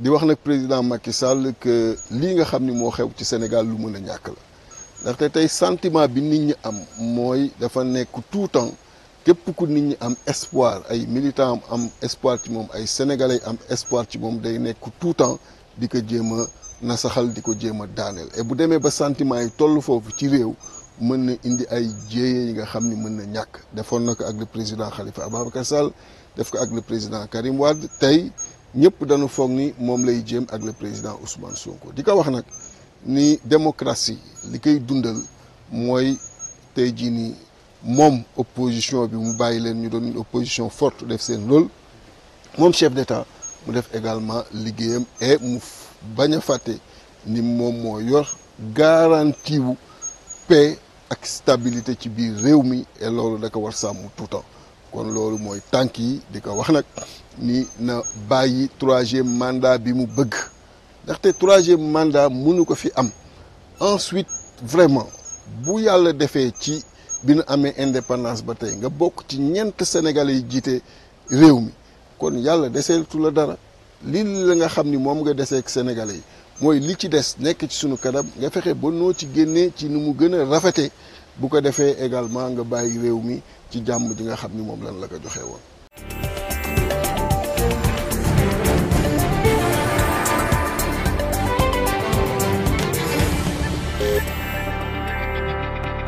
di wax nag président Macky Sall que lii nga xam ni moo xew ci Sénégal lu mën a ñàkk la ndaxte tey santiment bi nit ñi am mooy dafa nekk tout temps képp ku nit ñi am espoir ay militant am espoir ci moom ay sénégalais am espoir ci moom day nekk tout temps di ko jéem a nasaxal di ko jéem a daaneel et bu demee ba sentiment yi toll foofu ci réew mën na indi ay jéeye yi nga xam ni mën na ñàkk defoon na ko ak le président Khalifa Ababacar Sall def ko ak le président tey ñëpp dañu foog ni moom lay jéem ak le président Ousmane ko di ko wax nag ni démocratie li koy dundal mooy tey jii nii moom opposition bi mu bàyyi leen ñu doon une opposition forte def seen lool moom chef d'État mu def également liggéeyam et mu bañ a fàtte ni moom moo yor garantie wu paix ak stabilité ci biir réew mi e loolu da ko war sàmm tout kon loolu mooy tànk yi di ko wax nag ni na bàyyi troisième mandat bi mu bëgg ndaxte troisième mandat munu ko fi am ensuite vraiment bu yàlla defee ci bi nu amee indépendance ba tey nga bokk ci ñeent sénégalais yi jiite réew mi kon yàlla deseetu la dara lii la nga xam ni moom nga desee deseek sénégalais yi mooy li ci des nekk ci sunu kanam nga fexe ba noo ci génnee ci nu mu gën rafetee bu ko defee également nga bàyyi réew mi ci jàmm ji nga xam ni moom lan la ko joxe woon